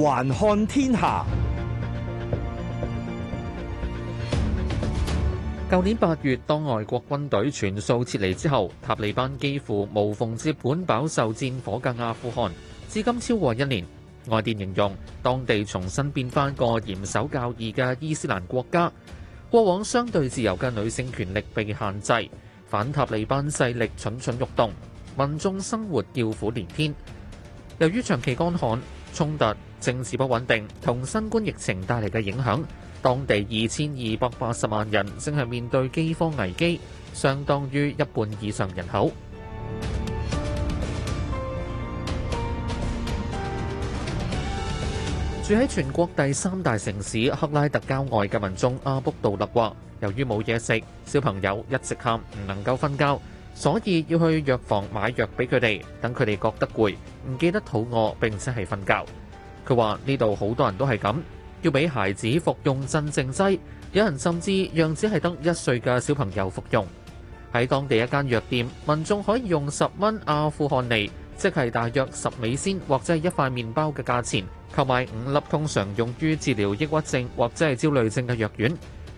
環看天下。舊年八月，當外國軍隊全數撤離之後，塔利班幾乎無縫接管飽受戰火嘅阿富汗。至今超過一年，外電形容當地重新變翻個嚴守教義嘅伊斯蘭國家。過往相對自由嘅女性權力被限制，反塔利班勢力蠢蠢欲動，民眾生活叫苦連天。由於長期乾旱，衝突、政治不穩定同新冠疫情帶嚟嘅影響，當地二千二百八十萬人正係面對饑荒危機，相當於一半以上人口。 住喺全國第三大城市克拉特郊外嘅民眾阿卜杜勒話，由於冇嘢食，小朋友一直喊，唔能夠瞓覺。所以要去藥房買藥俾佢哋，等佢哋覺得攰，唔記得肚餓，並且係瞓覺。佢話呢度好多人都係咁，要俾孩子服用鎮靜劑，有人甚至讓只係得一歲嘅小朋友服用。喺當地一間藥店，民眾可以用十蚊阿富汗尼，即係大約十美仙或者係一塊麵包嘅價錢，購買五粒通常用於治療抑鬱症或者係焦慮症嘅藥丸。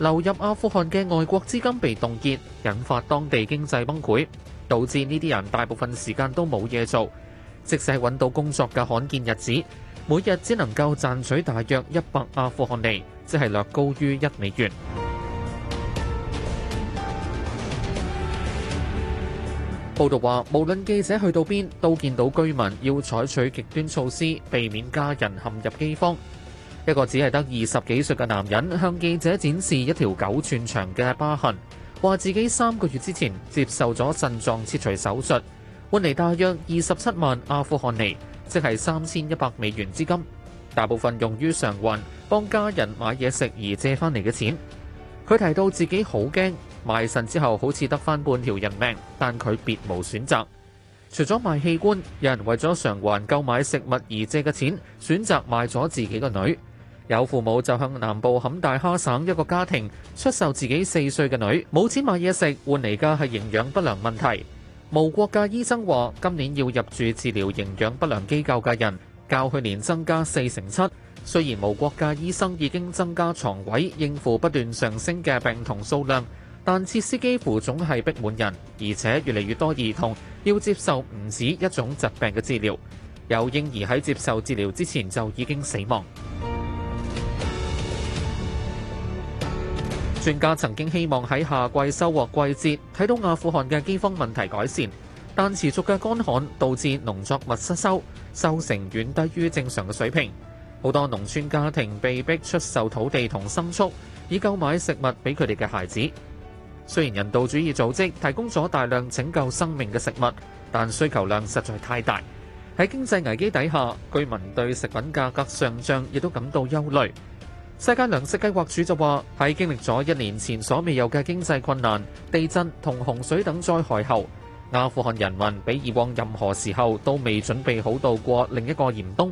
流入阿富汗嘅外國資金被凍結，引發當地經濟崩潰，導致呢啲人大部分時間都冇嘢做，即使係揾到工作嘅罕見日子，每日只能夠賺取大約一百阿富汗尼，即係略高於一美元。報道話，無論記者去到邊，都見到居民要採取極端措施，避免家人陷入饑荒。一個只係得二十幾歲嘅男人向記者展示一條九寸長嘅疤痕，話自己三個月之前接受咗腎臟切除手術，換嚟大約二十七萬阿富汗尼，即係三千一百美元資金，大部分用於償還幫家人買嘢食而借翻嚟嘅錢。佢提到自己好驚賣腎之後好似得翻半條人命，但佢別無選擇。除咗賣器官，有人為咗償還購買食物而借嘅錢，選擇賣咗自己個女。有父母就向南部坎大哈省一個家庭出售自己四歲嘅女，冇錢買嘢食，換嚟嘅係營養不良問題。無國界醫生話，今年要入住治療營養不良機構嘅人較去年增加四成七。雖然無國界醫生已經增加床位應付不斷上升嘅病童數量，但設施幾乎總係逼滿人，而且越嚟越多兒童要接受唔止一種疾病嘅治療。有嬰兒喺接受治療之前就已經死亡。專家曾經希望喺夏季收穫季節睇到阿富汗嘅饑荒問題改善，但持續嘅乾旱導致農作物失收，收成遠低於正常嘅水平。好多農村家庭被迫出售土地同牲畜，以購買食物俾佢哋嘅孩子。雖然人道主義組織提供咗大量拯救生命嘅食物，但需求量實在太大。喺經濟危機底下，居民對食品價格上漲亦都感到憂慮。世界糧食計劃署就話：喺經歷咗一年前所未有嘅經濟困難、地震同洪水等災害後，阿富汗人民比以往任何時候都未準備好度過另一個嚴冬。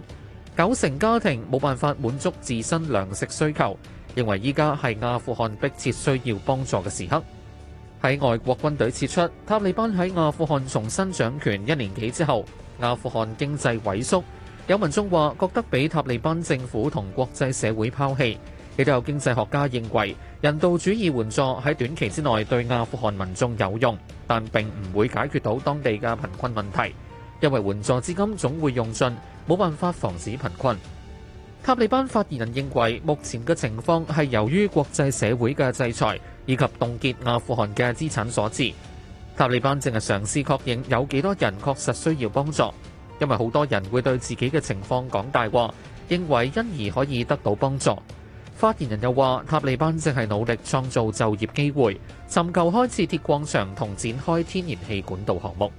九成家庭冇辦法滿足自身糧食需求，認為依家係阿富汗迫切需要幫助嘅時刻。喺外國軍隊撤出、塔利班喺阿富汗重新掌權一年幾之後，阿富汗經濟萎縮。有民眾話覺得畀塔利班政府同國際社會拋棄，亦都有經濟學家認為人道主義援助喺短期之內對阿富汗民眾有用，但並唔會解決到當地嘅貧困問題，因為援助資金總會用盡，冇辦法防止貧困。塔利班發言人認為目前嘅情況係由於國際社會嘅制裁以及凍結阿富汗嘅資產所致。塔利班淨係嘗試確認有幾多人確實需要幫助。因為好多人會對自己嘅情況講大話，認為因而可以得到幫助。發言人又話，塔利班正係努力創造就業機會，尋求開設鐵礦場同展開天然氣管道項目。